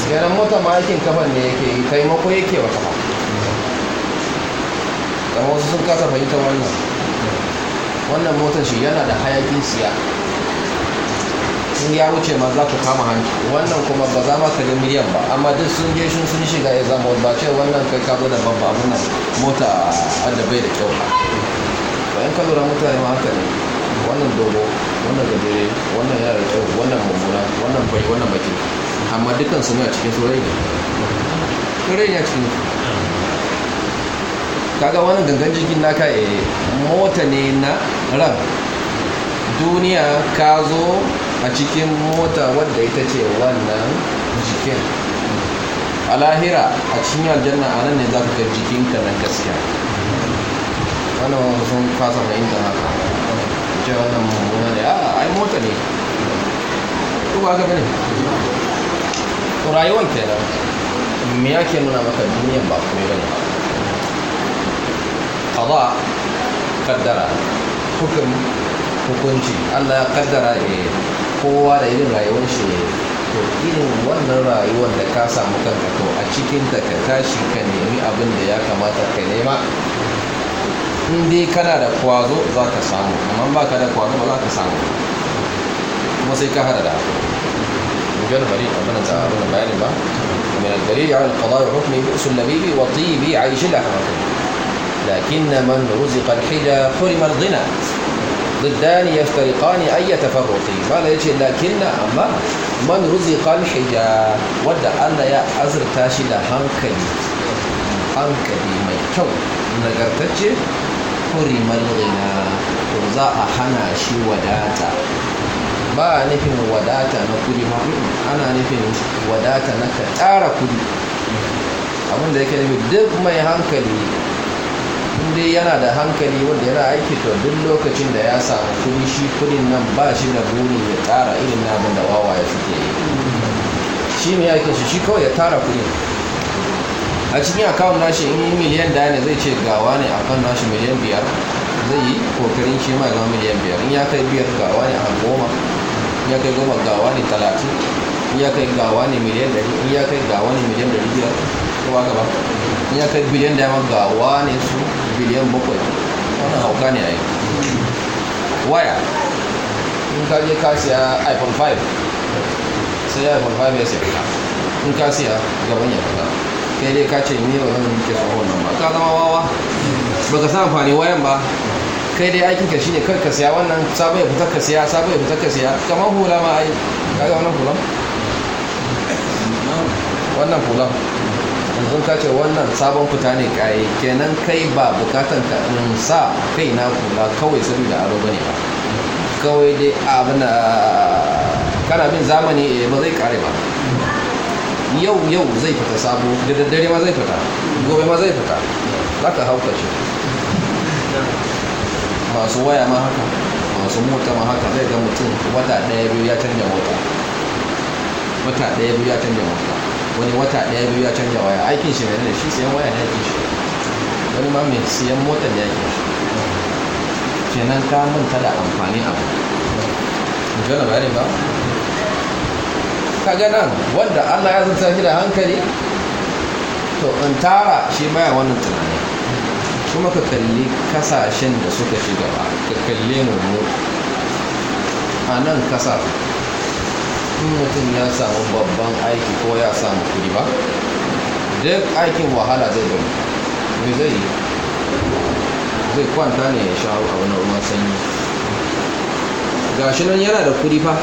yaran mota ma aikin kafan ne yake yi taimako yake wa kafa kamar wasu sun kasa fahimtar wannan wannan motar shi yana da hayakin siya sun ya wuce ma za ka kama hanci wannan kuma ba za ma ka ga miliyan ba amma duk sun je sun sun shiga ya zama ba ce wannan kai ka zo da babba nan mota da bai da kyau ba bayan ka lura mutane ma haka ne wannan dogo wannan gajere wannan yara da kyau wannan mummuna wannan bai wannan baki amma dukkan su na cikin sorai ne sorai ne cikin kaga wannan gangan jikin naka eh mota ne na ran duniya ka zo a cikin mota wadda ita ce wannan jikin a lahira a cikin aljanna a nan ne za ku ga jikinka na gaskiya wannan sun fasa fahimta haka ce wannan mummuna ne a ai mota ne kuma aka gani bane rayuwan kenan me yake nuna maka duniyan ba kuma bane qada kaddara hukun hukunci allah ya kaddara eh, kowa da irin rayuwar shi ne to irin wannan rayuwar da ka samu kanka to a cikin da ka tashi ka nemi abin da ya kamata ka nema in dai kana da kwazo za ka samu amma ba ka da kwazo ba za ka samu kuma sai ka hada da mujar bari abin da abin bayani ba من الدليل على القضاء وحكمه بئس النبي وطيب عيش الأحمد لكن من رزق الحجة حرم الغنى ضدان يفترقان أي تفرق ما لا يجي لكن أما من رزق الحجة ودى أن يا أزر تاشد هنكلي هنكلي ما يكو نقرتج حرم الغنى وزاء حنا شي وداتا ba nufin wadata na kudi ma ana nufin wadata na ka tsara kudi abinda yake nufi duk mai hankali dai yana da hankali wanda yana aiki to duk lokacin da ya samu kudi shi kudin nan ba shi da burin ya tara irin na abin da wawaye suke yi shi ne yake shi shi kawai ya tara kudin a cikin akawun nashi in yi miliyan daya ne zai ce gawa ne a kan nashi miliyan biyar zai yi kokarin shi ma zama miliyan biyar in ya kai biyar gawa ne a goma in ya kai goma gawa ne talatin in ya kai gawa ne miliyan dari in ya kai gawa ne miliyan dari biyar kuma gaba in ya kai biliyan daya ma gawa ne su biliyan bakwai wannan hauka ne a yi waya in ka je ka siya iphone 5 sai iphone 5 ya siya in ka siya gaban ya fita kai dai ka ce ni ba zan ke tsohon nan ba ka zama wawa ba ka san amfani wayan ba kai dai aikin ka shine kar ka siya wannan sabon ya fita ka siya sabon ya fita ka siya kamar hula ma ai ka ga wannan hula wannan hula yanzu ka ce wannan sabon fita ne kaye kenan kai ba bukatan ka in sa kai na kula kawai saboda aro bane ba kawai dai abin da kana bin zamani eh, ba zai kare ba yau yau zai fita sabo da daddare ma zai fita gobe ma zai fita za ka hauka shi masu waya ma haka masu mota ma haka zai ga mutum wata ɗaya biyu ya canja mota wata ɗaya biyu ya canja mota wani wata ɗaya biyu ya canja waya aikin shi ne shi sayan waya ne aikin shi wani ma mai siyan motar da aikin shi kenan ka manta da amfani abu jana bayani ba kaga nan wanda Allah ya zanta shi da hankali to in tara shi baya wannan tunani kuma ka kalli kasashen da suka shiga gaba ka kalle mu a nan kasashen in mutum ya samu babban aiki ko ya samu kudi ba duk aikin wahala zai gani me zai zai kwanta ne ya sha abu na ruwan sanyi gashi nan yana da kudi fa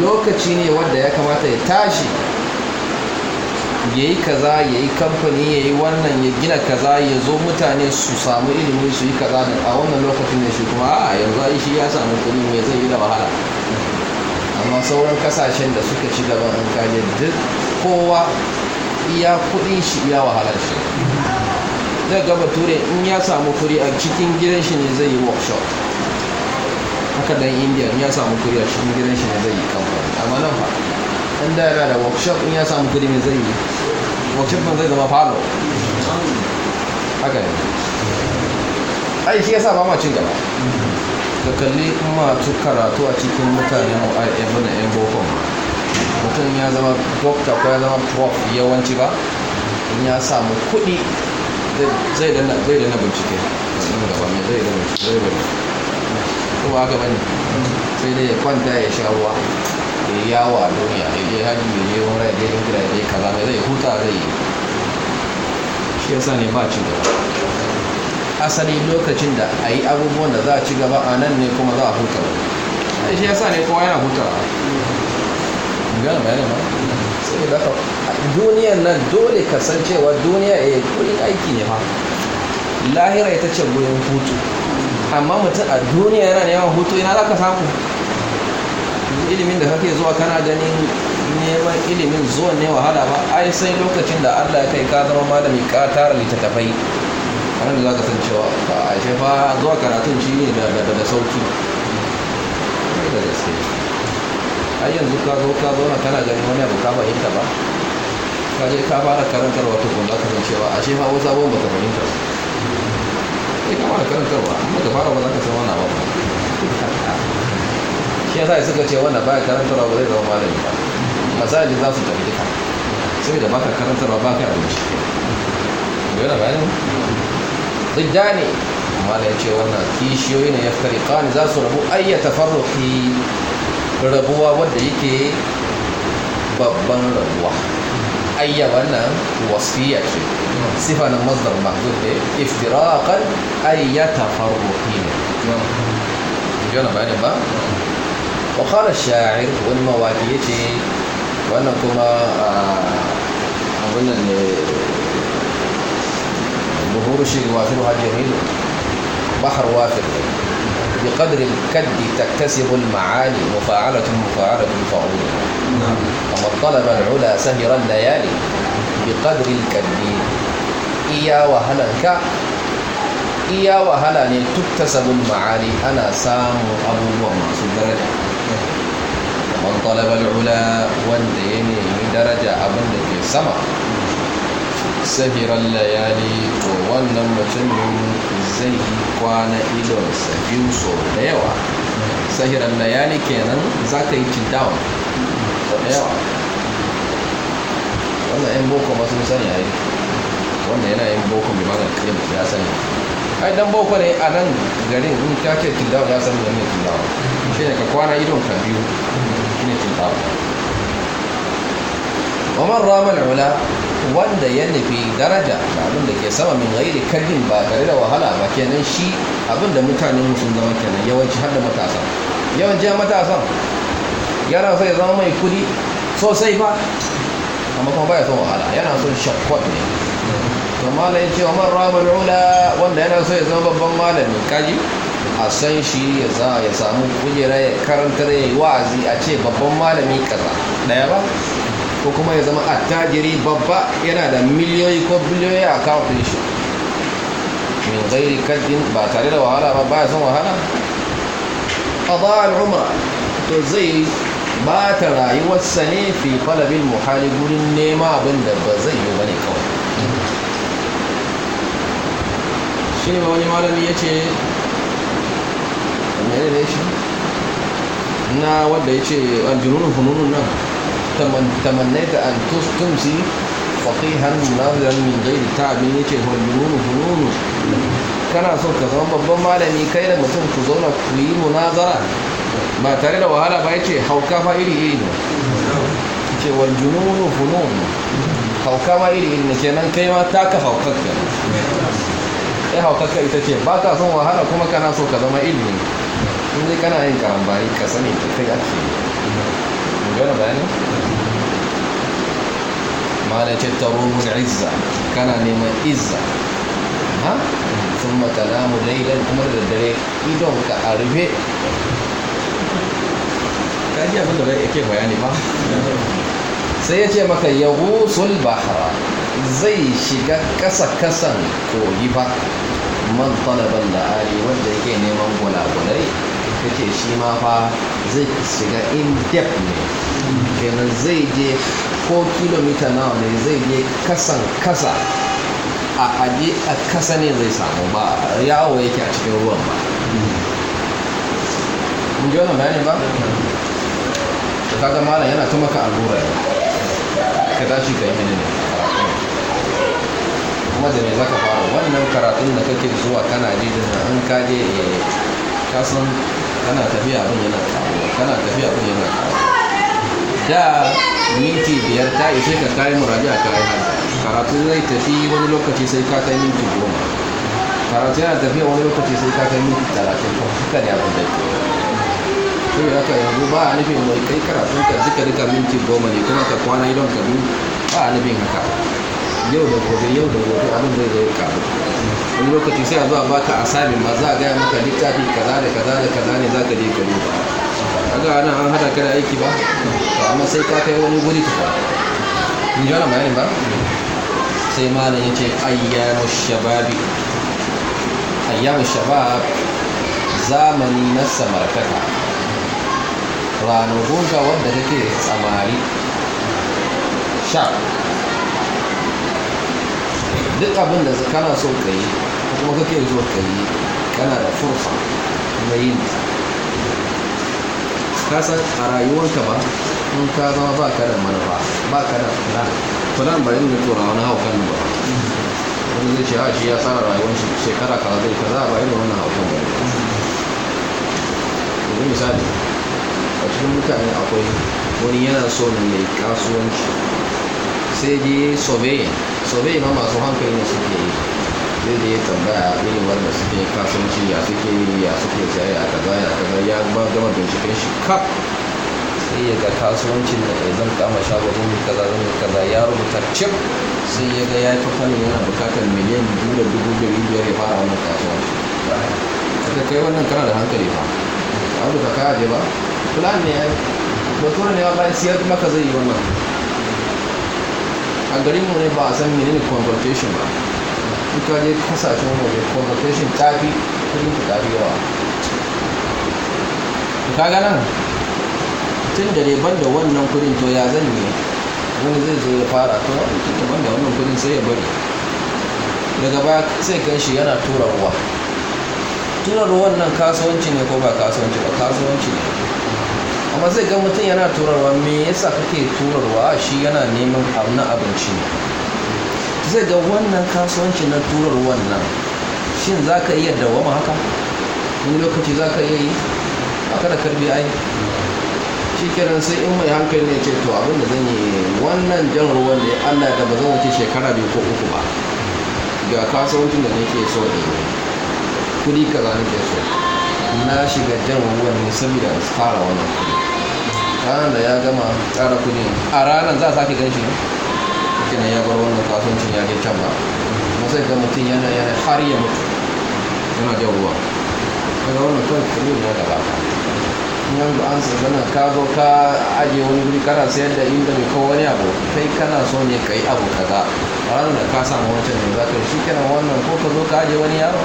lokaci ne wadda ya kamata ya tashi ya yi kaza ya yi kamfani ya yi wannan ya gina kaza ya zo mutane su samu ilimin su yi kaza a wannan lokacin ne shi kuma a yanzu shi ya samu kudi mai zai yi da wahala kamar sauran kasashen da suka ci gaban an kaje duk kowa iya kudin shi iya wahalar shi zai gaba ture in ya samu kuri a cikin gidan shi ne zai yi workshop haka dan india in ya samu kuri a cikin gidan shi ne zai yi kamfani amma nan fa in da yana da workshop in ya samu kuri ne zai yi workshop man zai zama falo haka ne ai shi ya sa ba ma cin gaba da kalli masu karatu a cikin mutanen na yan boko mutum ya zama dokta ko ya zama prof yawanci ba in ya samu kuɗi zai dana bincike da ba mai zai dana zai bane kuma haka bane sai dai ya kwanta ya sha ruwa ya yawa a duniya ya je hajji ya je wani ya je da ya je kaza mai zai huta zai yi shi yasa ne ba ci gaba asali lokacin da a yi abubuwan da za a ci gaba a nan ne kuma za a huta shi ya sa ne kowa yana huta gana bayanin ba da ka duniyan nan dole kasancewa duniya yi eh, gurin aiki ne ma lahira ita ce goyon hutu amma mutum a duniya yana neman hutu ina za ka samu ilimin da kake zuwa kana ganin neman ilimin zuwa ne wahala ba ai sai lokacin da allah ya kai ka zama malami ka tara littattafai nan da za ka san cewa ba a ce fa zuwa karatun shi ne da sauki ne da gaske a yanzu ka zo ka zauna kana gani wani abu ka fahimta ba ka je ka fara karantarwa tukun za ka san cewa a ce fa wasu abubuwan ba ka fahimta su ya karantar karantarwa amma ka fara ba za ka san wani abu shi yasa suka ce wanda baya karantarwa ba zai zama malami ba masaji za su tafi duka sai da baka karantarwa baka abinci yana bayan ضدان ما لا يجي وانا كيشيوين يفترقان ذا سربو أي تفرق ربوا وديك babban rabuwa ayya wannan wasiya ce mazdar ne iftiraqan ay yatafarruqin yana bayani ba wa sha'ir kuma ظهور شيء يوافرها جميل بحر وافر بقدر الكد تكتسب المعالي مفاعلة مفاعلة فعول فمن نعم. طلب العلا سهر الليالي بقدر الكد إيا وهلنك إيا وهلا تكتسب المعالي أنا سام أبو ومعصو الدرجة ومن طلب العلا والدين درجة أبن في السماء sahirar layali to wannan mutumin zai yi kwana idon sabin so da yawa sahirar layali kenan za ka yi down so da yawa wannan yan boko masu sani a yi wannan yana yin boko mai mana krim ya sani ai dan boko ne a nan garin in ta ce tildawa ya sani wannan tildawa shi ne ka kwana idon ka biyu shi ne tildawa ومن رام العلا wanda ya nufi daraja da abin da ke sama min gairi kadin ba tare da wahala ba kenan shi abin da mutane sun zama kenan yawanci har da matasa yawanci matasan yana so ya zama mai kudi sosai ba amma kuma baya son wahala yana son shakwat ne to ya ce wa man mal'ula wanda yana so ya zama babban malamin kaji a san shi ya za ya samu kujera ya karanta ya yi wa'azi a ce babban malami kaza daya ba ko kuma ya zama attajiri babba yana da miliyoyi ko biliyoyi a akawuntin shi min gairi kaddin ba tare da wahala ba ba ya san wahala ba al'umra to zai ba ta rayuwarsa ne fi falabin muhali gurin nema abin da ba zai yi wani kawai shi ne wani malami ya ce da shi na wadda ya ce aljinunin hununun nan tamannai da an tumsi faqihan naziran min ghairi ta'bin yace huwa yununu fununu kana so ka zama babban malami kai da mutum ku zauna ku yi munazara ba tare da wahala ba yace hauka ma iri iri ne yace wal jununu funun hauka ma iri iri ne nan kai ma ta ka haukaka sai haukaka ita ce ba ka son wahala kuma kana so ka zama iri ne. in zai kana yin karambani ka sani ta kai ake yi. Gana bayani? mala ce tarumul izza kana neman izza ha sun matana mu lailan kuma da dare idon ka a rufe ka ji abin da bai yake bayani ba sai ya ce maka yahu bahara zai shiga kasa kasan kogi ba man talaban ari wanda yake neman gulagulai ta ce shi ma fa zai shiga in depth ne kenan zai je ko kilomita nawa ne zai je kasan kasa a aje a kasa ne zai samu ba yawo yake a cikin ruwan ba mun ji wannan bayani ba da kaga malam yana ta maka allura ka tashi ka yi mini ne kuma da me za ka fara wannan karatun da kake zuwa kana ji da nan an kaje eh, ka san kana tafiya abin yana kawo kana tafiya abin yana kawo da minti biyar ta ishe ka kayi muraja a kayi hajji karatu zai tafi wani lokaci sai ka kai minti goma karatu yana tafiya wani lokaci sai ka kai minti talatin ko haka ne abin da ke ya haka yanzu ba a nufin mai kai karatun ka duka duka minti goma ne kuma ka kwana idon ka biyu ba a nufin haka yau da gobe yau da gobe abin zai zai karu wani lokaci sai a zuwa baka asabi ma za a gaya maka littafi kaza da kaza da kaza ne za ka je ka duba ga ana an hada ka da aiki ba amma sai ka kai wani guri ta in ji wannan bayanin ba sai malam ya ce ayyamu shababi ayyamu shabab zamani na samartaka ranakun ga wanda take tsamari sha duk abin da kana so kai kuma kake so kai kana da furfa na yin sa ka san a rayuwarka ba in ka zama ba ka da manufa ba ka da plan plan ba yin tura wani haukan ba wani zai ce ha ah, shi ya tsara rayuwar shekara kaza zai kaza ba da wannan haukan ba yanzu misali a cikin mutane akwai wani yana so ne kasuwanci sai dai sobeyin sobeyin ma masu hankali ne suke yi zai da ya tambaya irin wanda suke kasuwanci ya suke ya suke saye a kaza ya kaza ya ba gama binciken shi kaf sai ya ga kasuwancin da ya zan kama shago zan yi kaza zan yi kaza ya rubuta cip sai ya ga ya fi fannin yana bukatar miliyan biyu da dubu biyu biyar ya fara wannan kasuwanci daga kai wannan kana da hankali ba an rubuta kaya je ba plan ne ya yi mutum ne ya bayan siyar ka zai yi wannan a mu ne ba a san menene confrontation ba fita ne kasashen waje connotation ta tafi kudin ku ta fi yawa ka ga nan tun da ban da wannan kudin to ya zan ne wani zai zo ya fara to tun da ban da wannan kudin sai ya bari daga baya sai kan shi yana tura ruwa tura ruwan nan kasuwanci ne ko ba kasuwanci ba kasuwanci ne amma zai ga mutum yana tura ruwa me yasa kake tura ruwa shi yana neman abu na abinci ne zai ga wannan kasuwanci na turar wannan shin za ka iya dawama haka wani lokaci za ka iya yi haka da karbi ai shi kenan sai in mai hankali ne ce to abinda zan yi wannan jan ruwan da allah da ba zan wuce shekara biyu ko uku ba ga kasuwancin da nake so da yi kudi ka za nake so na shiga jan ruwan ne saboda fara wannan kudi ranar da ya gama tsara kudi a ranar za a sake gan shi ne mutum ya bar wannan kasuwancin ya kai can ba masai ga mutum yana yana har ya mutu yana jan ruwa daga wannan kawai kuri na da ba nan da an zana ka zo ka ajiye wani guri kana sayar da inda mai kawo wani abu kai kana so ne ka yi abu kaza a ranar da ka samu wancan ne za ka shi kenan wannan ko ka zo ka ajiye wani yaro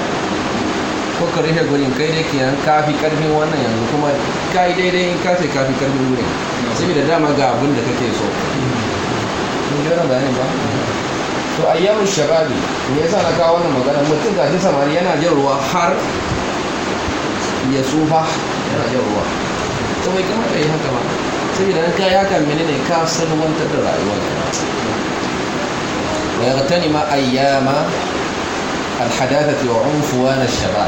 ko ka rufe gurin kai dai kenan ka fi karfin wannan yanzu kuma ka yi daidai in ka ce kafi fi karfin gurin sabida dama ga abin da kake so daren da ba to ayyamin shababi me yasa na kawo wannan magana mutum gashi samari yana jin ruwa har ya tsufa yana jin ruwa to mai kama yi haka ba sai saboda ka kai haka ne ka san salwantar da rayuwar wa yaghtanima ayyama الحداثة وعنفوان ma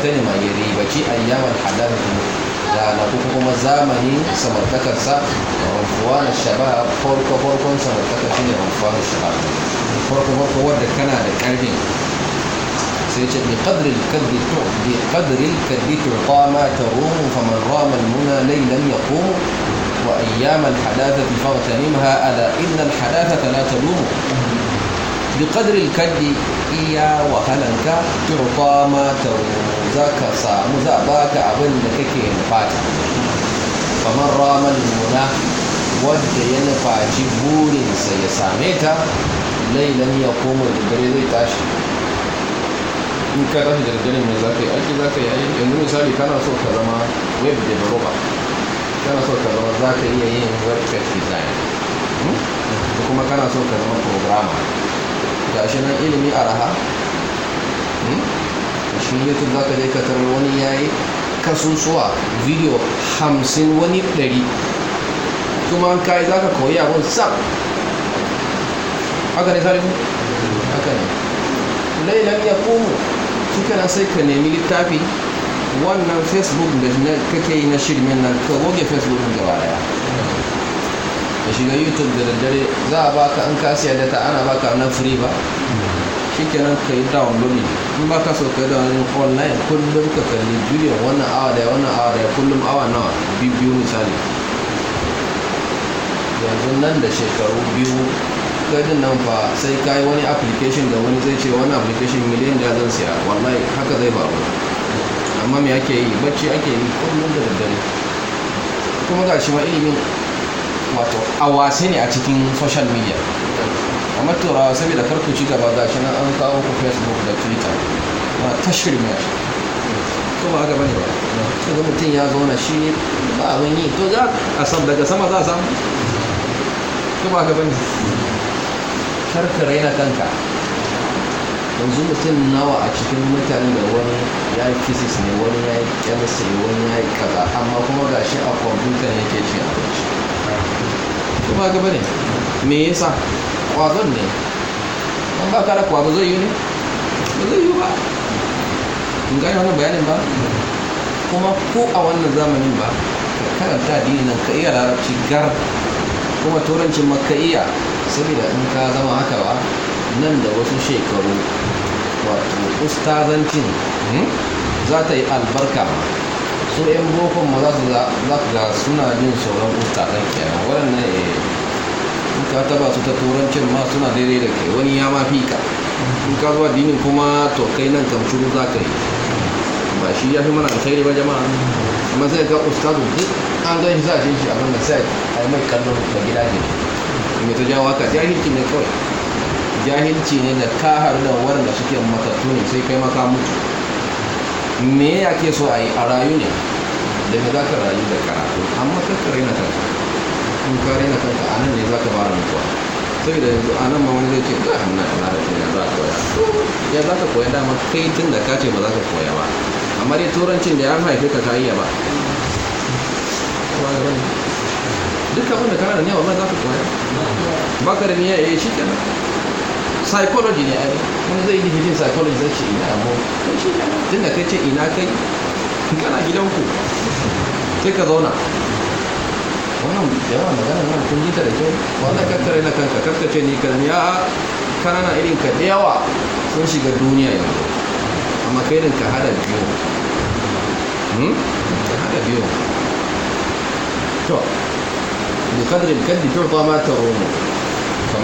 yari يريبتي ayyama الحداثة da na kuka kuma zamani samartakarsa da unfuwan shabab farko farkon samartakar shi ne unfuwan shabab farko farko wadda kana da karfin sai ce bi qadril kadri tu bi qadril kadri tu qama tarum faman rama almuna laylan yaqum wa ayyam alhadathati faghtanimha ala inna alhadathata la talumu بقدر الكد إيا وهلنك ترطى ما ذاك سامو ذاك أبن لكي فمن رام المنى ود ينفع جبور سيساميتا ليلا يقوم الدريد تاشي in ka tashi da ganin mai zafi yi aiki zaka yi aiki yanzu misali kana so ka zama web developer kana so ka zama zaka iya yin web design hmm? kuma kana so ka zama programmer gashi nan ilimi araha hmm? shi youtube za ka je wani ya yi kasusuwa video hamsin wani ɗari kuma an kayi za ka koyi wani sab haka ne salihu haka ne lailan ya kuma suka na sai ka nemi littafi wannan facebook da kake yi na shirmen nan ka goge facebook gaba daya ka shiga youtube da daddare za a baka an ka siya data ana baka na free ba shikenan ka yi download in ba ka so ka yi download online kullum ka kalli bidiyon wannan awa da wannan awa da kullum awa nawa biyu misali yanzu nan da shekaru biyu kadin nan fa sai ka yi wani application da wani zai ce wani application miliyan da zan siya wallahi haka zai ba amma me ake yi bacci ake yi kullum da daddare kuma ga shi ma ilimin wato a wasi ne a cikin social media amma turawa ah, saboda karku ci gaba ga shi nan an kawo ku facebook da twitter ba ah, tashir mai to ba gaba ne ba to mutum ya zauna shi ba abin yi to za a san daga sama za a samu to ba gaba ne karka raina kanka yanzu mutum nawa a cikin mutane da wani ya yi physics ne wani ya yi chemistry wani ya yi kaza amma kuma shi a kwamfuta ne ke cin abinci ko ba gaba ne me yasa kwazon ne an ba ka da kwazo zai yi ne ba zai yi ba in gane wannan bayanin ba kuma ko a wannan zamanin ba ka karanta dini nan ka iya larabci gar kuma turancin makaiya iya saboda in ka zama haka ba nan da wasu shekaru wato ustazancin hmm, za ta yi albarka ba su yan bokon ma za su ga suna jin sauran ustazan kenan waɗannan eh in ka taba su ta turancin ma suna daidai da kai wani ya ma fi ka in ka zuwa dinin kuma to kai nan kam shuru za ka yi ba shi ya fi mana alkhairi ba jama'a amma sai ga ustazu duk an ga shi za shi shi nan da sai ai mai kallon da gida ne mai ta jawo haka jahilci ne kawai jahilci ne da ka haru da waɗanda suke makatu ne sai kai maka mutu me ya ke so a yi a rayu ne da me za ka rayu da karatu amma kan ka raina kanka in ka raina kanka a nan ne za ka fara mutuwa saboda yanzu a nan ma wani zai ce ga hannun a larabci ne za ka koya ya za ka koya dama kai tun da ka ce ba za ka koya ba amma dai turancin da ya haife ka ka iya ba duk abin da kana da ne ma za ka koya ba ka da niyya ya eh, yi shi kenan psychology ne ai wani zai yi digirin psychology zai ce ina yamo tun da kai ce ina kai kana gidanku sai ka zauna wannan yawa magana nan kun jita da kyau wanda kakkare na kanka kakkace ni kan ya kanana irin ka da yawa sun shiga duniya yau amma kai din ka hada biyu hmm? ka hada biyu to bi kadrin kaddi tu'ta ma tarumu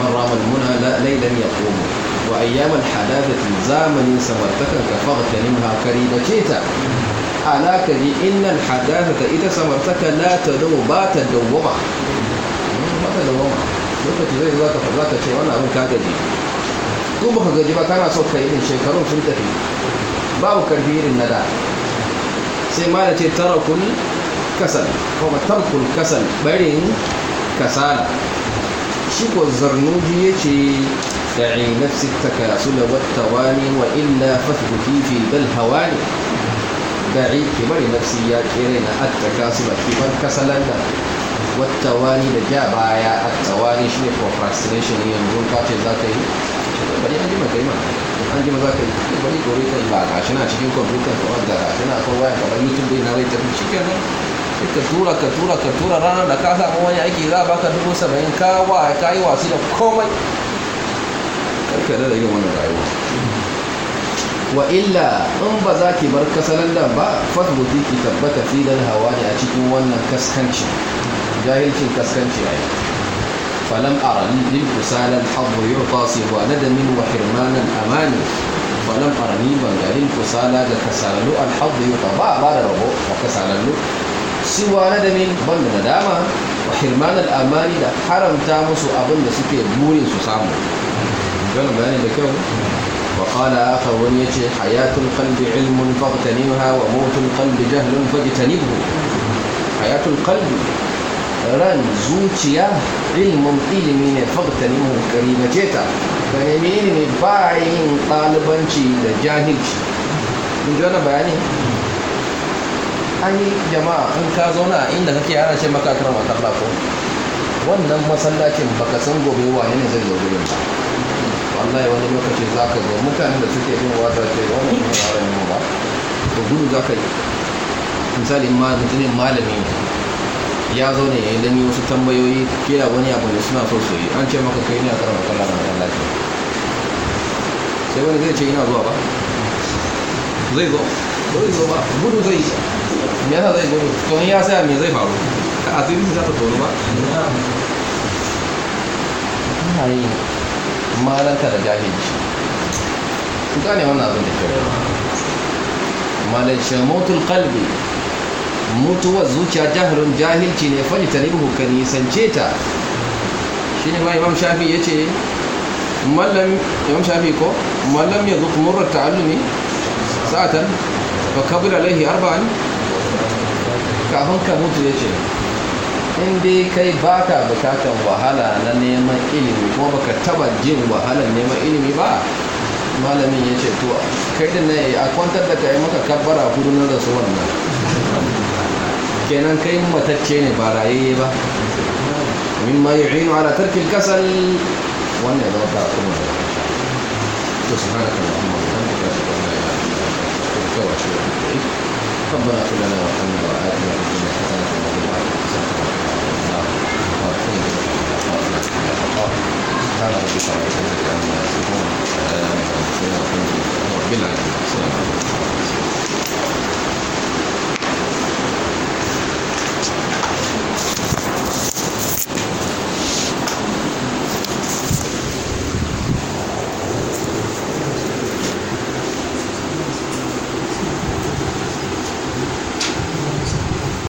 kamar ramar muna lailan ya komo wa ayyamal hadathatin zamanin samartakan ka faghtanim ha kari da ta ala ka ji innal hadathata ita samartaka la tadawu ta dawwama ba ta dawwama lokaci zai zaka fa zaka ce wannan abin ka gaji ko baka gaji ba kana so kai din shekarun sun tafi babu karfi irin na da sai ma ce tarakul kuma kasal barin kasala shi ko zarnuji ya ce da'i nafsi takasula wata wani wa illa fasbuki fi bal hawani da'i ki bari nafsi ya kere na attakasula ki bar kasalan da wata wani da ja baya attawani shi ne procrastination yanzu ka ce za yi bari an jima an jima a shi cikin kwamfuta da shi kawai kamar youtube na zai tafi shi sai ka tura ka tura ka tura ranar da ka samu wani aiki za a baka dubu saba'in ka wa ka yi wasu da komai karka da irin wannan rayuwa wa illa in ba za ki bar kasalan da ba fasbuti ki tabbata filin hawa ne a cikin wannan kaskanci jahilcin kaskanci a yi falam ara lil kusalan habu yurta siwa nadamin wa hirmanan amani falam ara ni ban ga lil kusala da kasalu al habu yurta ba ba da rabo wa kasalallu siwa nadamin banda dama wa hirman al'amali da haramta musu abin da suke burin su samu gano bayani da kyau wa qala akhar wani ce hayatul qalbi ilmun faqtanimha wa mautul qalbi jahlun faqtanimhu hayatul qalbi ran zuciya ilmin ilimi ne faqtanimhu karimace ta bayani ilimi ba yin ɗalibanci da jahilci kun ji wani bayani an yi jama'a in ka zauna inda kake ana ce maka kar matar ko wannan masallacin baka san gobe wa ne zai zo gurin ba wallahi wani lokaci za ka zo mutanen da suke jin wata ce wannan ne yaran mu ba to gudu za ka yi misali ma mutumin malami ya zo ne ya yi wasu tambayoyi kira wani abu da suna so su yi an ce maka kai ne a karama kalla na masallaci sai wani zai ce ina zuwa ba zai zo zai zo ba gudu zai yi me yasa zai gudu to in ya saya me zai faru a asirin za ta tono ba ina yi malanta da jahilci ku gane wannan abin da kyau malancin motul kalbi mutuwar zuciya jahilun jahilci ne fali ta ribu ka nisance ta shi ne ba imam shafi ya ce mallam imam shafi ko mallam ya zuku murar ta'allumi sa'atan fa kabila laihi arba'an kafin ka mutu ya ce in dai kai ba ka bukatan wahala na neman ilimi ba baka taba jin wahalar neman ilimi ba malamin ya ce to kai da na yi a kwantar da ka yi maka kabbara hudu na rasu wannan kenan kai matacce ne ba raye ba min ma rinu ala tarkin kasar wannan ya zama ta kuma to subhanaka allahumma wa bihamdika ashhadu an ba ilaha illa anta astaghfiruka wa ربنا اغفر لنا وارحمنا واتنا في الدنيا حسنه وفي الاخره حسنه سبحان ربك رب العزه عما يصفون وسلام على المرسلين والحمد لله رب العالمين